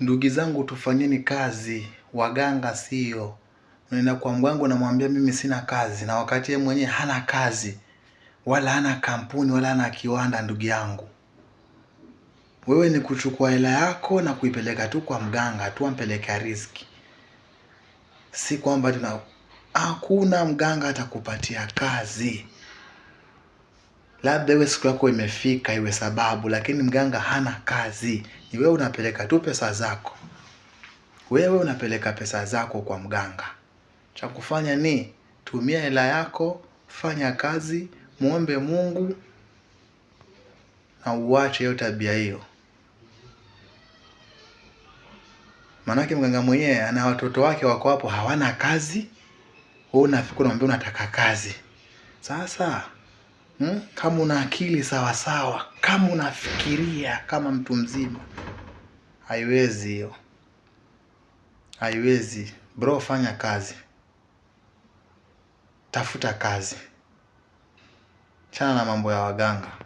Ndugu zangu tufanyeni kazi, waganga sio. Unaenda kwa mganga unamwambia mimi sina kazi, na wakati yeye mwenyewe hana kazi wala hana kampuni wala hana kiwanda. Ndugu yangu, wewe ni kuchukua hela yako na kuipeleka tu kwa mganga tu, ampelekea riziki, si kwamba tuna hakuna mganga atakupatia kazi. Labda iwe siku yako imefika iwe sababu, lakini mganga hana kazi ni wewe unapeleka tu pesa zako, wewe unapeleka pesa zako kwa mganga. Cha kufanya ni tumia hela yako, fanya kazi, muombe Mungu na uache hiyo tabia hiyo. Maanake mganga mwenyewe ana watoto wake wako hapo, hawana kazi, wewe unafika unamwambia unataka kazi. Sasa hmm, kama una akili sawasawa, kama unafikiria kama mtu mzima haiwezi hiyo, haiwezi bro. Fanya kazi, tafuta kazi, chana na mambo ya waganga.